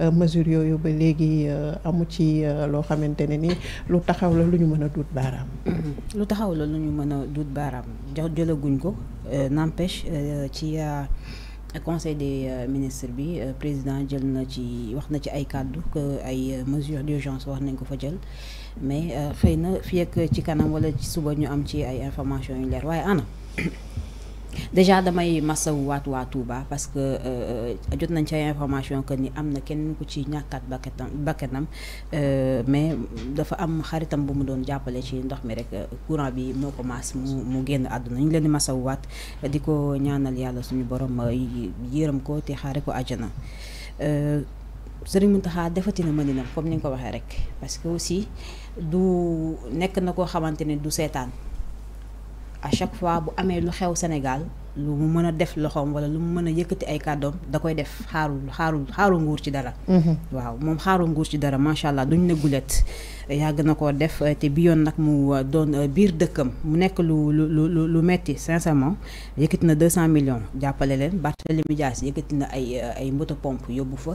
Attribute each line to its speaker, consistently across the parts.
Speaker 1: Euh, mesures yooyu ba léegi euh, amu ci euh, loo xamante ne ni lu taxaw la lu ñu mën a duut baaraam.
Speaker 2: Mm-hmm. lu taxaw la lu ñu mën a duut baaraam jëlaguñ ko n'empêche ci. conseil des ministres bi président jël na ci wax na ci ay kàddu que ay mesures d'urgence wax nañ ko fa jël mais xëy na fii ak ci kanam wala ci suba ñu am ci ay informations yu leer waaye ana déjà damay masawu waat waa Touba parce que euh, euh, jot nañ ci information que ni am na kenn ku ci ñàkkaat bakkanam bakkanam euh, mais dafa am xaritam bu mu doon jàppale ci ndox mi rek courant bi moo ko maas mu génn àdduna ñu leen di masawu di ko ñaanal yàlla suñu borom yërëm ko te xaare ko àjjana Sëriñ Mountakha defati na mëninam comme ni nga ko waxee rek parce que aussi du nekk na koo xamante ne du seetaan. à chaque fois bu amé lu xew Sénégal lu mu mën def loxom wala lu mu mën yëkëti ay kàddoom da koy def xaarul xaarul xaru nguur ci dara. Mhm. waaw mom xaru nguur ci dara machallah duñ na gulet yàgg na ko def eh, te bi yoon nag mu eh, doon eh, biir dëkkam mu nekk lu lu lu lu metti sincèrement yëkkati na 200 millions jàppale leen Barthélémy Dias yëkkati na ay ay moto pompe yóbbu fa.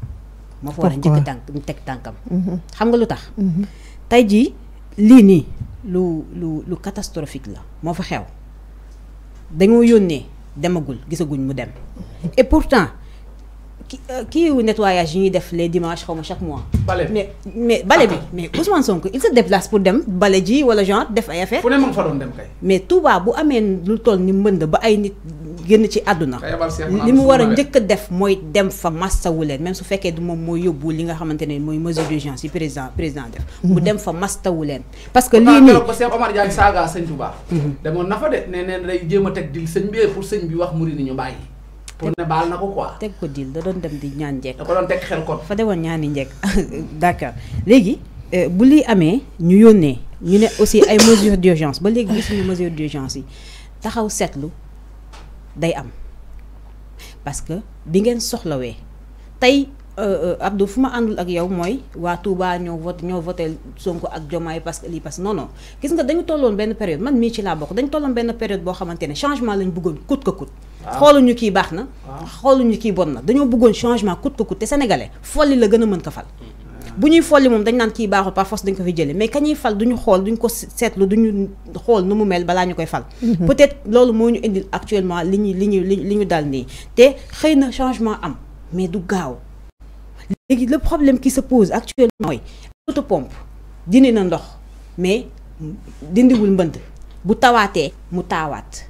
Speaker 2: ma fa war a njëkk tànk teg tànkam mhm. xam nga lu tax mhm. tey jii lii nii lu lu lu catastrophique la moo fa xew dañoo yónnee demagul gisaguñ mu dem et pourtant kii euh, wu nettoyage yi ñuy def les dimanches xaw chaque mois. bale mais mais bale mais Ousmane Sonko il se déplace pour dem bale ji wala genre def ay affaire. fu ne ma fa doon dem kay. mais Touba bu amee lu toll ni mbënd ba ay nit génn ci aduna. li mu war a def moy dem fa mastawu leen même su fekkee du mom moy yobbu li nga xamante moy mesure d'urgence
Speaker 3: président président def. mu mhm. dem fa mastawu leen. parce que li ni ko Cheikh Omar Diagne Saga sëñ Touba. Mhm. demoon nafa fa de nee na jëma jéem dil sëñ bi pour sëñ bi wax muri ni ñu bàyyi pour ne baal na ko quoi. teg ko diil da doon dem di ñaan njekk. da ko doon teg xel kon. fa demoon ñaani njekk d'accord
Speaker 2: léegi euh, bu li amee ñu yónnee ñu ne aussi ay mesures d'urgence ba léegi gisuñu mesures d'urgence yi taxaw seetlu day am parce que bi ngeen soxlawee tey. Euh, euh, Abdou fu ma àndul ak yow mooy waa Touba ñoo vote ñoo voté Sonko ak Diomaye parce que lii parce que gis nga dañu tolloon benn période man mii ci laa bokk dañu tolloon benn période boo xamante changement lañu bëggoon coûte Ah. xooluñu ki baxna na ki bonna dañu na bëggoon changement coûte que coûte te sénégalais folli la gëna a ko fal ah. buñuy ñuy folli moom dañ naan kii baaxul par force dañ ko fi jëlé mais kañuy fal duñu xol duñ ko sétlu duñu xol nu mu mel balaa ñu koy fal peut-être loolu moo ñu indil actuellement liñu liñu liñu dal ni té xeyna changement am mais du gaaw légui le problème qui se pose actuellement moy auto pompe dindi na ndox mais dindi wul mbënd bu tawaatee mu taawaat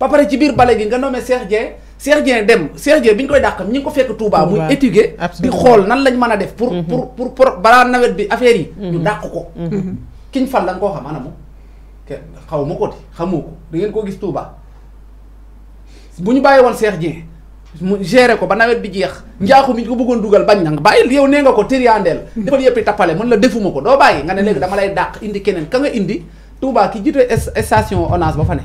Speaker 3: ba pare ci biir bale gi nga nommé Cheikh Dieng Cheikh Dieng dem Cheikh Dieng bi ñu koy dàq ñi ngi ko fekk Touba muy étudier di xool nan lañ mën a def pour mhm. pour pour pour balaa nawet bi affaire yi mhm. ñu dàq ko mhm. kiñ fal lañ koo xam ana moom kenn xaw ma ko di xamoo ko da ngeen koo gis Touba bu ñu bàyyi woon Cheikh Dieng mu géré ko ba nawet bi jeex njaaxu mi ñu ko bëggoon dugal bañ na nga bàyyi yow nee nga ko tëriandeel defal yëpp tappale mën la defuma ko doo bàyyi nga ne léegi dama lay dàq indi keneen ka nga indi Touba ki jiite station ONAS ba fa ne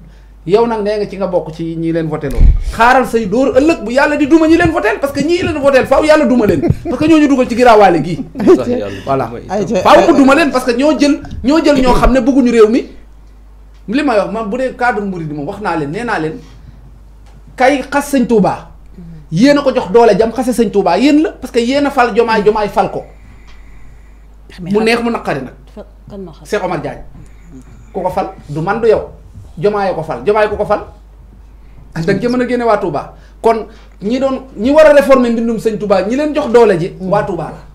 Speaker 3: yow nag nee nga ci nga bokk ci ñi leen voté xaaral say door ëllëg bu yàlla di duma ñi leen voté parce que ñi leen voté faaw yàlla duma leen parce que ñoo ñu dugal ci giraawaale gii.
Speaker 1: voilà faaw mu duma
Speaker 3: leen parce que ñoo jël ñoo jël ñoo xam ne bëgguñu réew mi li may wax man bu dee cadre Mouride ma wax naa leen nee leen kay xas sañ tuubaa yéen a ko jox doole jam xase sëñ Touba yéen la parce que yéen a fal jomaay jomaay fal ko. mu neex mu naqari nag. Cheikh Omar Diagne ku ko fal du man du yow. jomaayee ko fal jomaay ko ko fal. da nga mën a génne waa Touba kon ñi doon ñi war a réformer mbindum sëñ tubaa ñi leen jox doole ji. Mm. waa Touba la.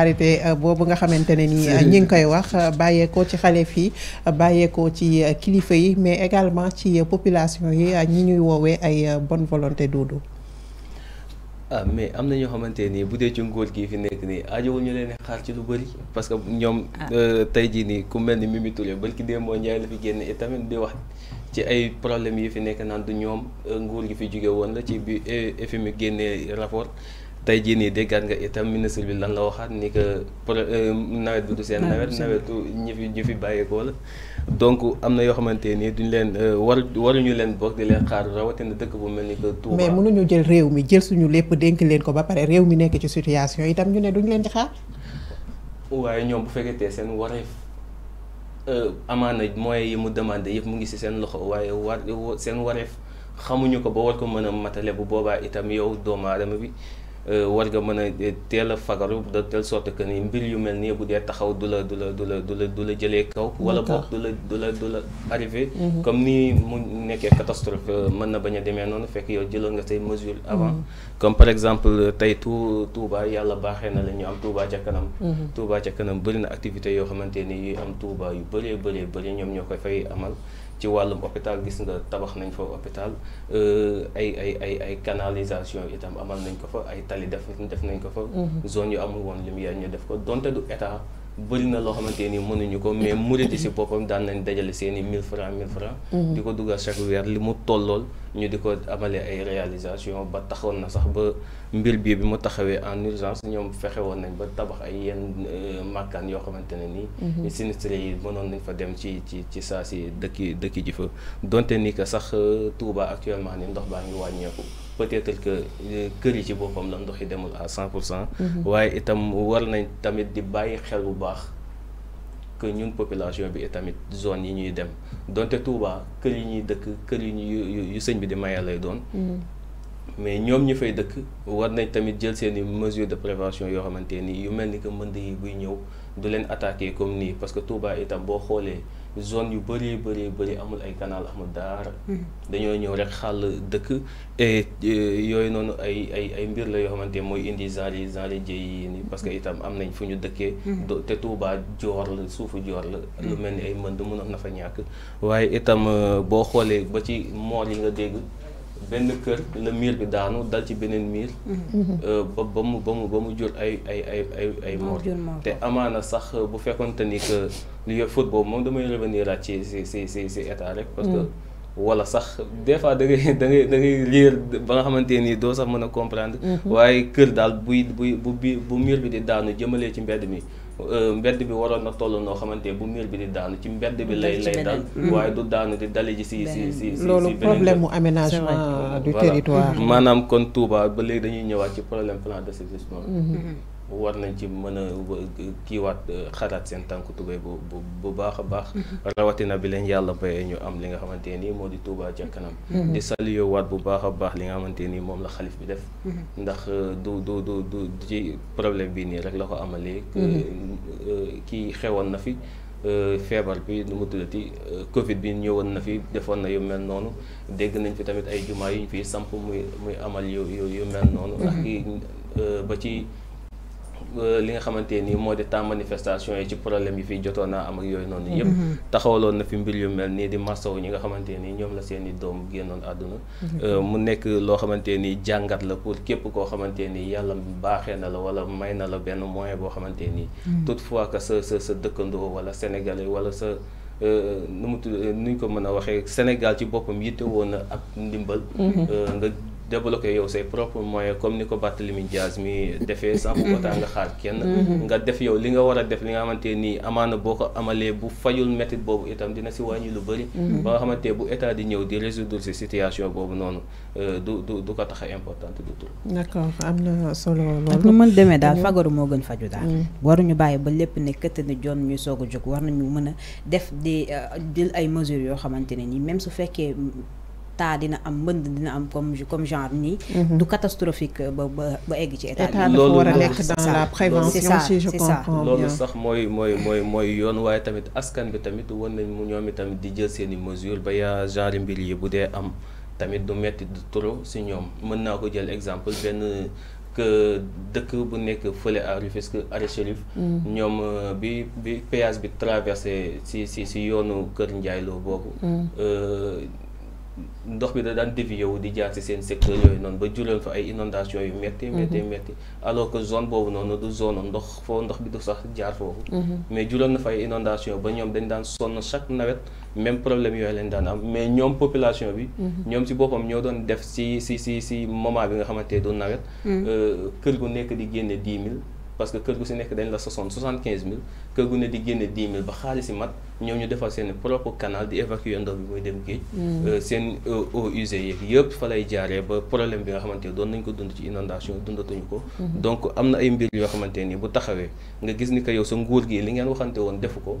Speaker 1: solidarité euh, boobu nga xamante ne ni ñi ngi koy wax euh, bàyyeekoo ci xale fii euh, bàyyeekoo ci kilifa yi mais également ci population yi ñi ñuy woowee ay bonne volonté doodu
Speaker 4: ah, mais am na ñoo xamante nii bu dee ci ngóor gi fi nekk nii aajowul ñu leen xaar ci lu bëri parce que ñoom ah. tey jii nii ku mel ni Mimi Touré barki dee moo Njaay la fi génn et tamit di wax ci ay problèmes yi fi nekk naan du ñoom nguur gi fi jóge woon la ci bi mu génnee rapport tey jii nii déggaat nga itam ministre bi lan la waxaat ni que euh, nawet bi du seen nawet nawetu ñi fi ñi fi bàyyeekoo la donc am na yoo xamante nii duñ leen euh, war waruñu leen bokk di leen xaar rawatina dëkk bu mel ni que Touba mais
Speaker 1: mënuñu jël réew mi jël suñu lépp dénk leen ko ba pare réew mi nekk ci situation itam ñu ne duñ leen ci xaar
Speaker 4: waaye ñoom bu fekkee te seen wareef euh, amaana moyens yi mu demandé yëpp mu ngi si seen loxo waaye war seen wareef xamuñu ko ba war ko mën a matale bu boobaa itam yow doomu bi Euh, war nga mën a euh, teel a fagaru de telle sorte que ni mbir yu mel nii bu dee taxaw du la du la du la du la du la jëlee kaw. wala boog du la du la du la arrivé. Mhm. comme ni mu nekkee catastrophe euh, mën na bañ a demee noonu fekk yow jëloon nga say mesures avant. Mhm. comme par exemple tey tout Touba yàlla baaxee na la am Touba ca kanam. Mhm. Touba ca kanam bëri na activité yoo xamante ni am Touba yu bëree bëree bëri ñoom ñoo koy fay amal. ci wàllum hôpital gis nga tabax nañ fa hôpital euh, ay ay ay ay canalisation itam amal nañ ko fa ay tali def def nañ ko fa mm-hmm. zone yu amul woon lumière ñu def ko donte du état bëri na loo xamante ni mënuñu ko mais murid si boppam daan nañ dajale seeni i 1000 francs 1000 mhm. di ko dugal chaque weer li mu tollool ñu di ko amalee ay réalisation ba taxoon na sax ba mbir bii bi mu taxawee en urgence ñoom fexe woon nañ ba tabax ay yenn euh, màkkaan yoo xamante ne nii mhm. sinistre yi mënoon nañ fa dem ci ci ci saa si dëkki dëkki ji fa donte ni que sax euh, Touba actuellement ni ndox baa ngi wàññeeku peut-être que euh, kër yi ci la à 100%, mhm. itam war nañ tamit di que ñun population bi tamit zone yi ñuy dem Touba yi dëkk yi ñu sëñ bi mhm. mais nous ñu fay dëkk tamit mesures de prévention yoo xamante maintenir yu que attaquer comme ni parce que Touba itam zone yu bëree bëree bëri amul ay canal amul daara. Hmm. dañoo ñëw rek xàll dëkk et yooyu noonu ay ay ay mbir la yoo xamante mooy indi genre yi genre jëy nii parce que hmm. itam am nañ fu ñu dëkkee. Hmm. te Touba joor la suufu joor la. lu mel ni ay mën du mënoon na fa ñàkk waaye itam euh, boo xoolee ba ci moor yi nga dégg. benn kër la miir bi daanu dal ci beneen miir. ba ba mu ba mu ba mu jur ay ay ay ay ay mort te amaana sax bu fekkonte ni que li yor foot boobu moom damay revenir à ci si si si si état rek. parce que wala sax des fois da ngay da ngay da ngay lire ba nga xamante nii doo sax mën a comprendre. waaye kër daal buy buy bu bi bu miir bi di daanu jëmalee ci mbedd mi. Euh, mbedd bi waroon na toll noo xamante bu miir bi di daanu ci mbedd bi lay lay dal mm. waaye du daanu di dali ji si si si si loolu problème mu aménagement du territoire maanaam kon Touba ba léegi dañuy ñëwaat ci problème plan de service war nañ ci mën a kiiwaat euh, xaraat seen tànk tubéy bu bu bu baax a baax. Mm-hmm. rawatina bi leen yàlla bayee ñu am li nga xamante nii moo di Touba ca kanam. Mm-hmm. di waat bu baax a baax li nga xamante nii moom la xalif bi def. Mm-hmm. ndax euh, du du du du ci problème bii nii rek la ko amalee. Euh, kii xewoon na fi. feebar bi nu mu tuddati Covid bi ñëwoon na fi defoon na yu mel noonu dégg nañ fi tamit ay jumaa yuñ fi samp muy muy amal yu yu yu mel noonu. ak ba ci. Euh, li nga xamante ni moo di temps manifestation yi ci problème yi fiy jotoon naa am ak yooyu noonu yëpp mm-hmm. taxawaloon na fi mbir yu mel nii di massaw ñi nga xamante ni ñoom la seen i doom génnoon àdduna mm-hmm. euh, mu nekk loo xamante ni jàngat la pour képp koo xamante ni yàlla baaxee na la wala may na la benn moyen boo xamante nii mm-hmm. toutefois que sa sa sa dëkkandoo wala sénégalais wala sa euh, nu mu tudd nuñ ko mën a waxee Sénégal ci boppam yitte woon na ak ndimbal nga débloquer yow say propre moyen comme ni ko Barthélémy Dias mi defee sax bu xaar kenn mhm. nga def yow li nga war a def li nga xamante nii amaana boo ko amalee bu fajul métit boobu itam dina si wàññi lu bëri mhm. ba nga xamante bu état di ñëw di résoudre si situation boobu noonu euh, du du du ko tax a importante du tout
Speaker 2: d'accord am na solo loolu ak nu mën demee daal mhm. fagaru moo gën faju daal waruñu bàyyi ba lépp ne këtt ni jon ñuy soog a jóg war nañu mën a def euh, taa dina am mbënd dina am comme comme genre ni mhm. du catastrophique ba ba égg ci état bi. loolu war dans la prévention si je comprends bien. loolu sax
Speaker 4: moy moy moy moy yoon waaye tamit askan bi tamit war nañ mu ñoom itamit di jël seen i mesures ba ya genre mbir yi bu am tamit du metti du trop si ñoom mën naa ko jël exemple ben que dëkk bu nekk fële à Rufisque à Chérif mm. ñoom euh, bi bi péage bi traversé si si si yoonu Kër Ndiaye loo boobu mm. euh, ndox bi da daan dévier wu di jaar ci seen secteur yooyu noonu ba jural fa ay inondation yu métti métti mhm. métti alors que zone boobu noonu du zone ndox foo ndox bi du sax jaar foofu mhm. mais jural na fa ay inondation ba ñoom dañ daan sonn chaque nawet même problème yooyu lañ daan am mais ñoom population bi mhm. ñoom ci boppam ñoo doon def ci ci ci ci moment bi nga xamante du nawet euh, kër gu nekk di génne dix mille parce que kër gu ci nekk dañ la sosoon soixante quinze mille kër gu ne di génne dix mille ba xaalis si mat ñoom ñu defal seen propre canal di évacuer ndox bi mooy dem géej. Mm. Euh, seen euh, eaux usées yeeg yëpp fa lay jaaree ba problème bi nga xamante ne doon nañ ko dund ci inondation dundatuñu ko. Mm-hmm. donc am na ay mbir yoo xamante ni bu taxawee nga gis ni que yow sa nguur gi li ngeen waxante woon defu ko.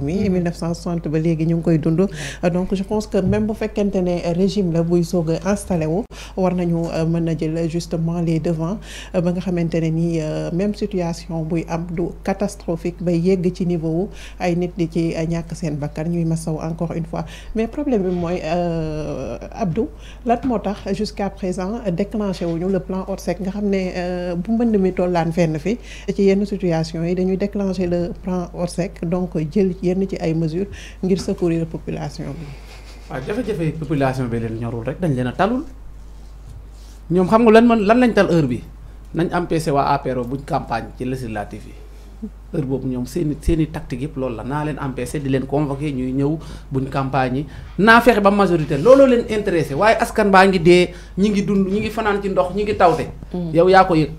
Speaker 1: mi 1960 mhm. ba léegi ñu ngi koy dund donc je pense que même bu fekkente ne régime la buy soog a installé wu war nañu euh, mën a jël justement les devants euh, ba nga xamante ne ni euh, même situation buy am du catastrophique ba yegg ci niveau ay nit di ci ñàkk seen bakkar ñuy masaw encore une fois mais problème bi mooy Abdou lan moo tax jusqu'à présent déclenché wuñu le plan Orsec nga xam ne bu mën mi tollaan fenn fi ci yenn situation yi dañuy déclenché le plan Orsec donc jël yenn ci ay mesures ngir secourir population bi.
Speaker 3: waaw jafe-jafe population bi leen ñorul rek dañ leen a talul ñoom xam nga lan man lan lañ tal heure bi nañ empêché waa APR buñ campagne ci législative yi. heure boobu ñoom seen i seen i tactique yëpp loolu la naa leen empêché di leen convoqué ñuy ñëw buñ campagne yi naa fexe ba majorité looloo leen intéressé waaye askan baa ngi dee ñi ngi dund ñi ngi fanaan ci ndox ñi ngi tawte. Mm. yow yaa ko yëg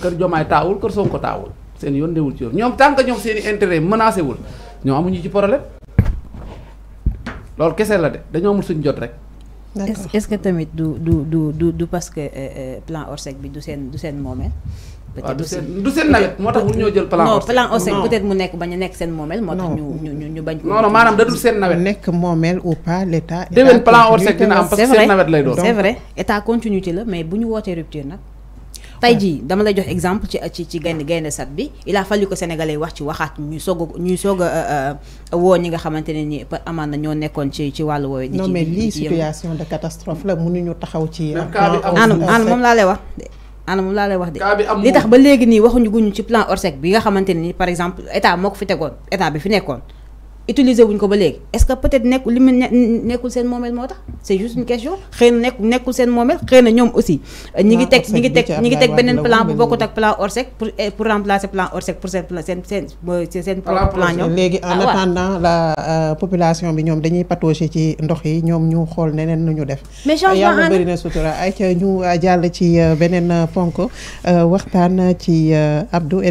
Speaker 3: kër Jomaay taawul kër Sonko taawul. seen yoon newul ci yoon ñoom tant que ñoom seen i intérêt menacé wul ñoo amuñu ci problème loolu kese la de dañoo amul suñ jot rek.
Speaker 2: d'accord est-ce que tamit du du du du du parce que euh, euh, plan Orsec bi du seen du seen moomeel. du seen nawet moo tax ñu ñoo jël plan. non plan Orsec peut mu nekk ba ñu nekk seen moomeel. moo tax ñu ñu ñu bañ. non non maanaam da dul
Speaker 1: seen nawet. nekk moomeel ou pas l'État. déwén plan Orsec dina am parce que seen lay doon. c'est vrai
Speaker 2: état continuité la mais bu ñu wootee rupture nag. tey jii dama lay jox exemple ci ci ci gaynde gaynde sat bi il a fallu ko sénégalais wax ci waxaat ñuy soog a ñuy a euh, euh, woo ñi nga xamante ne ni amaan na ñoo nekkoon ci ci wàllu woowu. non mais lii situation
Speaker 1: de catastrophe la mënuñu taxaw ci. anam anam moom laa lay wax.
Speaker 2: ana moom laa lay wax de li tax ba léegi nii waxuñu guñu ci plan Orsec bi nga xamante ne ni par exemple état moo ko fi tegoon état bi fi nekkoon utiliser wuñ ko ba léegi est-ce que peut-être nekkul li mu nekkul seen moomeel c'est juste une question xëy na nekk nekkul seen moomeel xëy aussi ah, ñi ngi tek ñi ngi tek ñi ngi tek benen plan bu bokut ak plan Orsec pour eh, pour remplacer plan Orsec pour seen seen sen sen propre plan ñom légui en ah, attendant
Speaker 1: la euh, population bi ñom dañuy patoché ci ndox yi ñom ñu xol nenen ñu def mais changement bëri na sutura ay ñu euh, jàll ci euh, benen fonko waxtaan ci Abdou